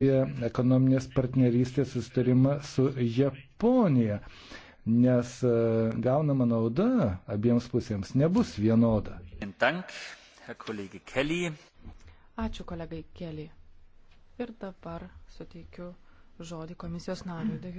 ekonominės partnerystės sustarimą su Japonija, nes e, gaunama nauda abiems pusėms nebus vienoda. Ačiū kolegai Kelly. Ir dabar suteikiu žodį komisijos nariui.